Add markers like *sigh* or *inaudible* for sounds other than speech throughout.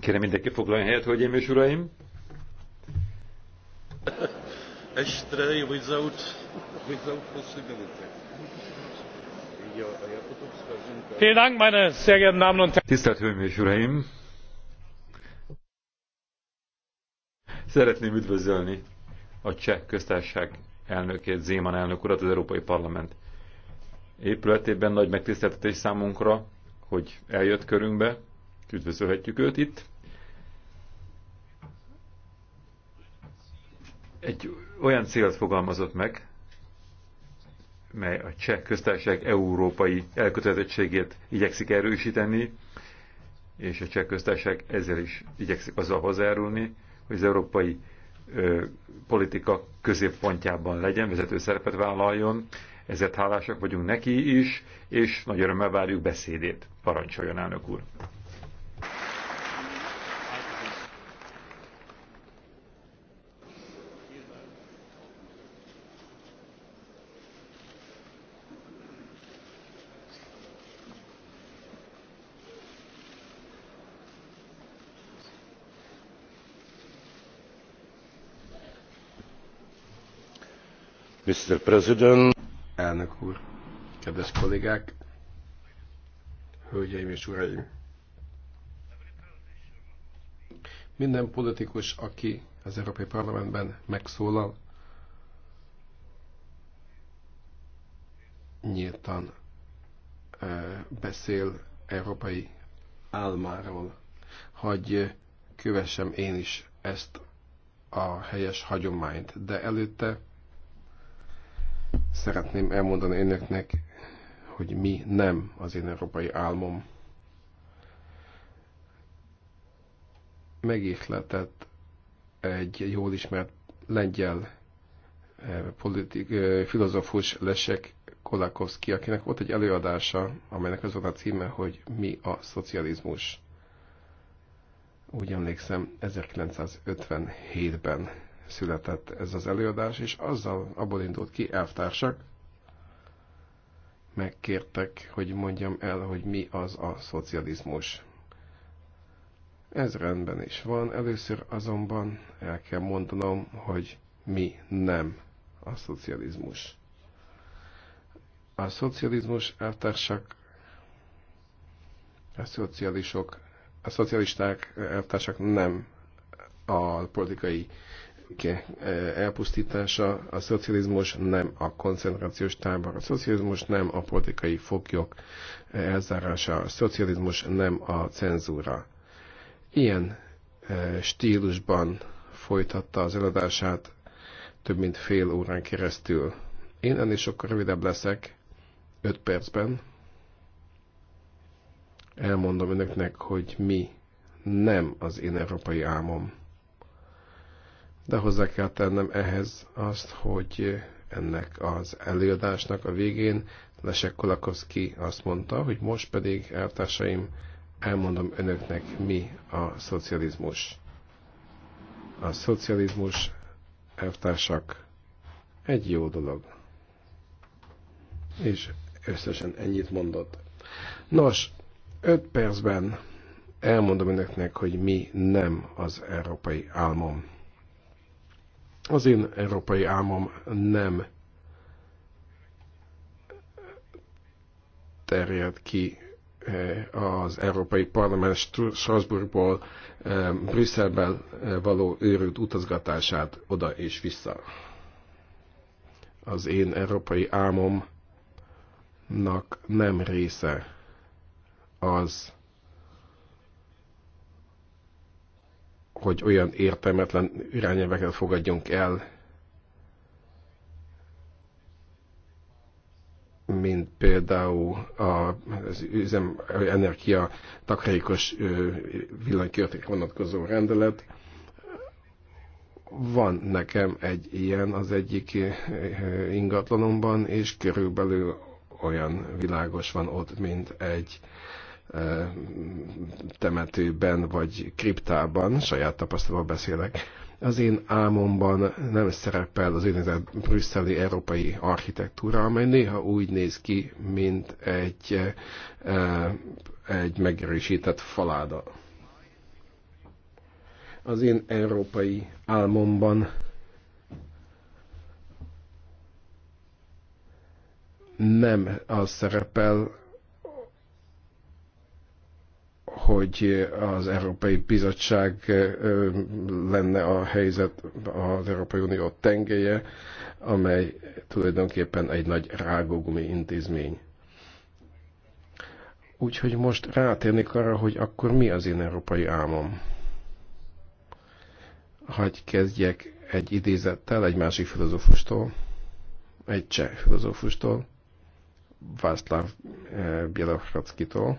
kérem mindenki foglaljon helyet hölgyeim és uraim! tisztelt hölgyeim és uraim! szeretném üdvözölni a cseh köztársaság elnökét Zéman elnök urat az európai parlament épületében nagy megtiszteltetés számunkra hogy eljött körünkbe, üdvözölhetjük őt itt. Egy olyan célt fogalmazott meg, mely a cseh köztársaság európai elkötelezettségét igyekszik erősíteni, és a cseh köztársaság ezzel is igyekszik azzal hozzájárulni, hogy az európai ö, politika középpontjában legyen, vezető szerepet vállaljon, ezért hálásak vagyunk neki is, és nagy örömmel várjuk beszédét. Parancsoljon, elnök úr! mr president elnök úr, kedves kollégák, hölgyeim és uraim! Minden politikus, aki az Európai Parlamentben megszólal, nyíltan beszél európai álmáról, hogy kövessem én is ezt a helyes hagyományt. De előtte Szeretném elmondani önöknek, hogy mi nem az én európai álmom. Megihletett egy jól ismert lengyel eh, politik, eh, filozófus Lesek Kolakowski, akinek volt egy előadása, amelynek az volt a címe, hogy mi a szocializmus. Úgy emlékszem, 1957-ben született ez az előadás, és azzal abból indult ki elvtársak, megkértek, hogy mondjam el, hogy mi az a szocializmus. Ez rendben is van, először azonban el kell mondanom, hogy mi nem a szocializmus. A szocializmus eltársak, a szocialisok, a szocialisták eltársak nem a politikai Eh, elpusztítása, a szocializmus nem a koncentrációs tábor, a szocializmus nem a politikai foglyok elzárása, a szocializmus nem a cenzúra. Ilyen eh, stílusban folytatta az eladását több mint fél órán keresztül. Én ennél sokkal rövidebb leszek, öt percben. Elmondom önöknek, hogy mi nem az én európai álmom de hozzá kell tennem ehhez azt, hogy ennek az előadásnak a végén Lesek Kolakowski azt mondta, hogy most pedig, eltársaim, elmondom önöknek, mi a szocializmus. A szocializmus, eltársak, egy jó dolog. És összesen ennyit mondott. Nos, öt percben elmondom önöknek, hogy mi nem az európai álmom. Az én európai álmom nem terjed ki eh, az Európai Parlament Strasbourgból eh, Brüsszelben eh, való őrült utazgatását oda és vissza. Az én európai álmomnak nem része az, hogy olyan értelmetlen irányelveket fogadjunk el, mint például az üzem, energia takarékos villanykörtékre vonatkozó rendelet. Van nekem egy ilyen az egyik ingatlanomban, és körülbelül olyan világos van ott, mint egy temetőben vagy kriptában, saját tapasztalatban beszélek, az én álmomban nem szerepel az úgynevezett brüsszeli európai architektúra, amely néha úgy néz ki, mint egy, egy megerősített faláda. Az én európai álmomban nem az szerepel, hogy az Európai Bizottság lenne a helyzet az Európai Unió tengelye, amely tulajdonképpen egy nagy rágógumi intézmény. Úgyhogy most rátérnék arra, hogy akkor mi az én európai álmom. Hagy kezdjek egy idézettel egy másik filozófustól, egy cseh filozófustól, Václav eh, Bielokratszkitól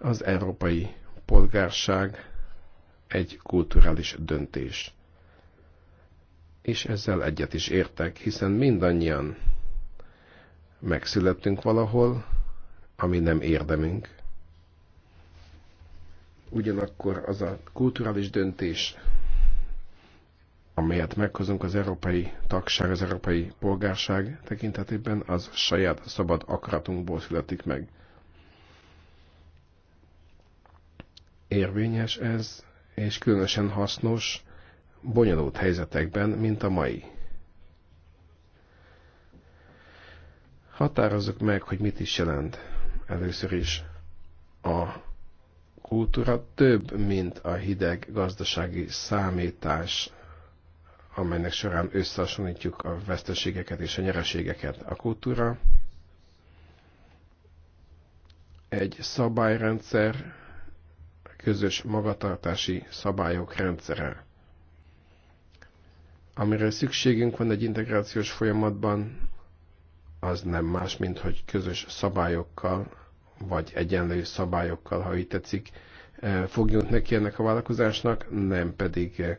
Az európai polgárság egy kulturális döntés. És ezzel egyet is értek, hiszen mindannyian megszülettünk valahol, ami nem érdemünk. Ugyanakkor az a kulturális döntés, amelyet meghozunk az európai tagság, az európai polgárság tekintetében, az saját szabad akaratunkból születik meg. érvényes ez, és különösen hasznos bonyolult helyzetekben, mint a mai. Határozzuk meg, hogy mit is jelent először is a kultúra több, mint a hideg gazdasági számítás, amelynek során összehasonlítjuk a veszteségeket és a nyereségeket. A kultúra egy szabályrendszer, közös magatartási szabályok rendszere. Amire szükségünk van egy integrációs folyamatban, az nem más, mint hogy közös szabályokkal, vagy egyenlő szabályokkal, ha így tetszik, e, fogjunk neki ennek a vállalkozásnak, nem pedig e,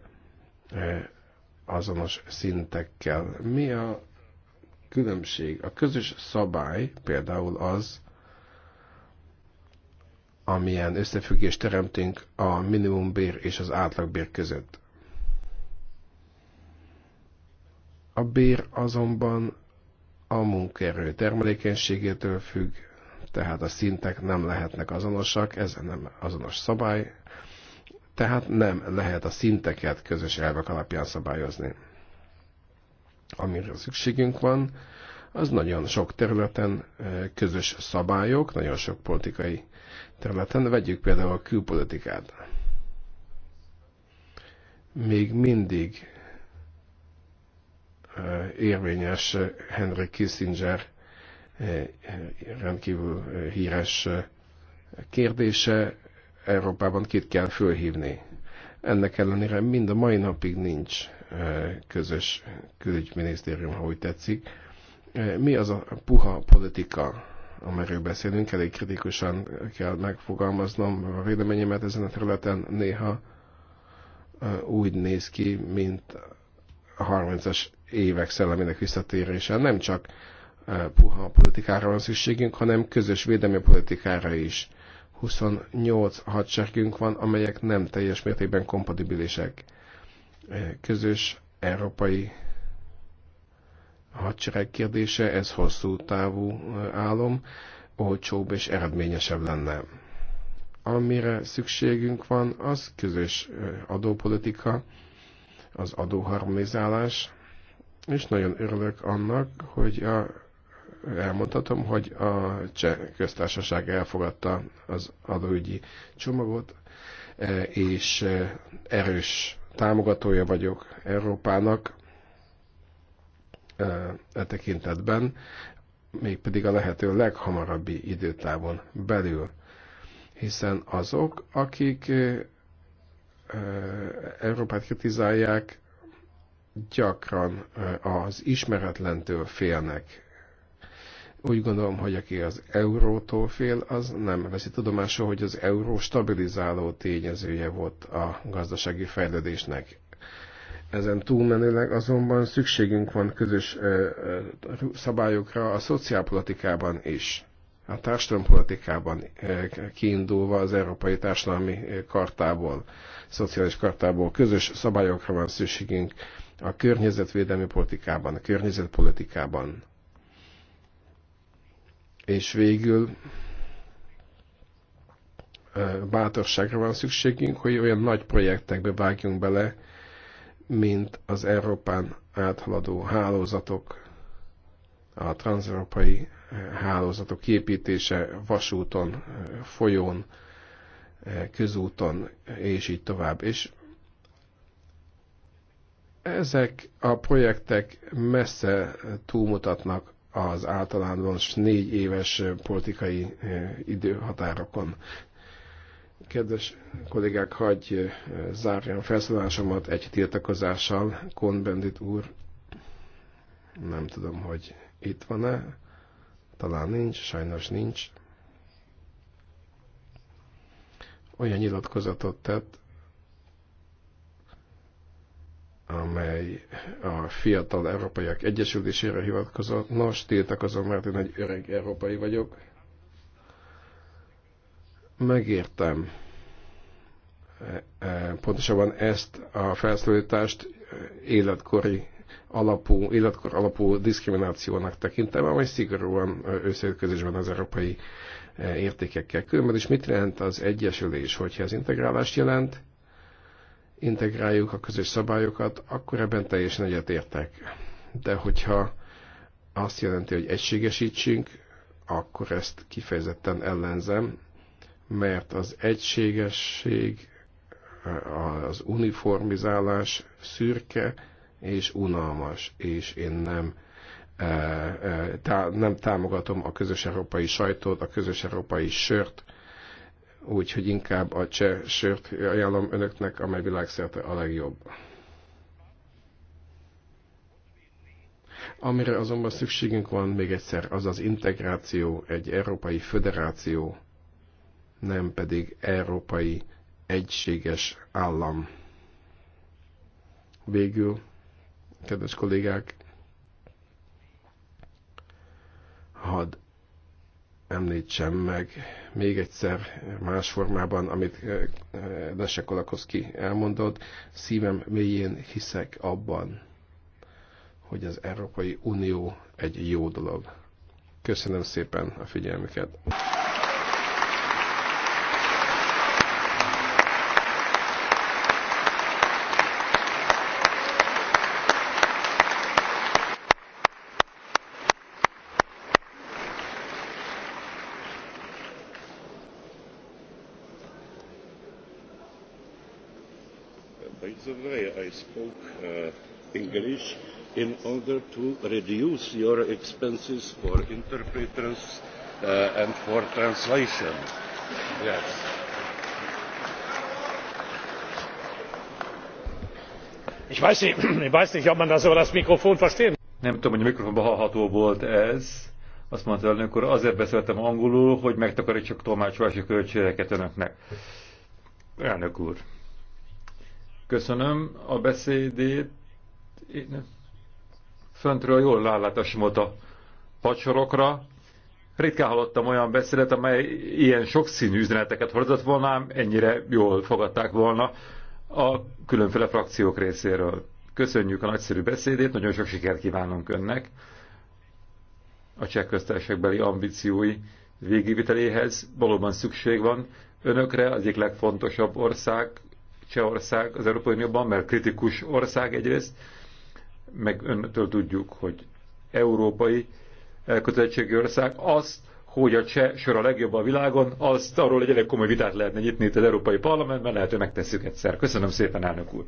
e, azonos szintekkel. Mi a különbség? A közös szabály például az, amilyen összefüggést teremtünk a minimumbér és az átlagbér között. A bér azonban a munkaerő termelékenységétől függ, tehát a szintek nem lehetnek azonosak, ez nem azonos szabály, tehát nem lehet a szinteket közös elvek alapján szabályozni. Amire szükségünk van, az nagyon sok területen közös szabályok, nagyon sok politikai területen. Vegyük például a külpolitikát. Még mindig érvényes Henry Kissinger rendkívül híres kérdése, Európában kit kell fölhívni. Ennek ellenére mind a mai napig nincs közös külügyminisztérium, ha úgy tetszik E, mi az a puha politika, amiről beszélünk? Elég kritikusan kell megfogalmaznom a véleményemet ezen a területen. Néha e, úgy néz ki, mint a 30-as évek szellemének visszatérése. Nem csak e, puha politikára van szükségünk, hanem közös védelmi politikára is. 28 hadseregünk van, amelyek nem teljes mértékben kompatibilisek. Közös európai hadsereg kérdése, ez hosszú távú álom, olcsóbb és eredményesebb lenne. Amire szükségünk van, az közös adópolitika, az adóharmonizálás, és nagyon örülök annak, hogy a, elmondhatom, hogy a cseh köztársaság elfogadta az adóügyi csomagot, és erős támogatója vagyok Európának, e tekintetben, mégpedig a lehető leghamarabbi időtávon belül. Hiszen azok, akik Európát kritizálják, gyakran az ismeretlentől félnek. Úgy gondolom, hogy aki az eurótól fél, az nem veszi tudomásul, hogy az euró stabilizáló tényezője volt a gazdasági fejlődésnek. Ezen túlmenőleg azonban szükségünk van közös szabályokra a szociálpolitikában is, a társadalompolitikában kiindulva az Európai Társadalmi Kartából, Szociális Kartából közös szabályokra van szükségünk a környezetvédelmi politikában, a környezetpolitikában. És végül bátorságra van szükségünk, hogy olyan nagy projektekbe vágjunk bele, mint az Európán áthaladó hálózatok, a transzeurópai eh, hálózatok építése vasúton, eh, folyón, eh, közúton, és így tovább. És ezek a projektek messze túlmutatnak az általános négy éves politikai időhatárokon. Kedves kollégák, hagyj zárjam felszólásomat egy tiltakozással. Kohn-Bendit úr, nem tudom, hogy itt van-e. Talán nincs, sajnos nincs. Olyan nyilatkozatot tett, amely a Fiatal Európaiak Egyesülésére hivatkozott. Nos, tiltakozom, mert én egy öreg európai vagyok. Megértem e, e, pontosabban ezt a felszólítást életkori alapú, életkor alapú diszkriminációnak tekintem, amely szigorúan összeütközésben az európai e, értékekkel. Különben És mit jelent az egyesülés, hogyha ez integrálást jelent, integráljuk a közös szabályokat, akkor ebben teljesen egyetértek. De hogyha azt jelenti, hogy egységesítsünk, akkor ezt kifejezetten ellenzem, mert az egységesség, az uniformizálás szürke és unalmas, és én nem e, e, nem támogatom a közös európai sajtót, a közös európai sört, úgyhogy inkább a cseh sört ajánlom önöknek, amely világszerte a legjobb. Amire azonban szükségünk van, még egyszer, az az integráció, egy európai föderáció, nem pedig európai egységes állam. Végül, kedves kollégák, hadd említsem meg még egyszer más formában, amit Lese eh, eh, Kolakoszki elmondott, szívem mélyén hiszek abban, hogy az Európai Unió egy jó dolog. Köszönöm szépen a figyelmüket! By the way, I spoke uh, English in order to reduce your expenses for interpreters uh, and for translation. Yes. Ich weiß, nicht, *clears throat* ich weiß nicht, ob man das über das Mikrofon verstehen Nem tudom, hogy a mikrofonban hallható volt ez. Azt mondta elnök úr, azért beszéltem angolul, hogy megtakarítsuk tolmácsolási költségeket önöknek. Elnök úr. Köszönöm a beszédét. Én föntről jól volt a pacsorokra. Ritkán hallottam olyan beszédet, amely ilyen sokszínű üzeneteket hordott volna, ennyire jól fogadták volna a különféle frakciók részéről. Köszönjük a nagyszerű beszédét, nagyon sok sikert kívánunk önnek a cseh köztársaságbeli ambíciói végigviteléhez. Valóban szükség van önökre, az egyik legfontosabb ország Csehország az Európai Unióban, mert kritikus ország egyrészt, meg öntől tudjuk, hogy európai elkötelezettségi ország, azt, hogy a cseh sor a legjobb a világon, azt arról egy elég komoly vitát lehetne nyitni itt az Európai Parlamentben, lehet, hogy megtesszük egyszer. Köszönöm szépen, elnök úr!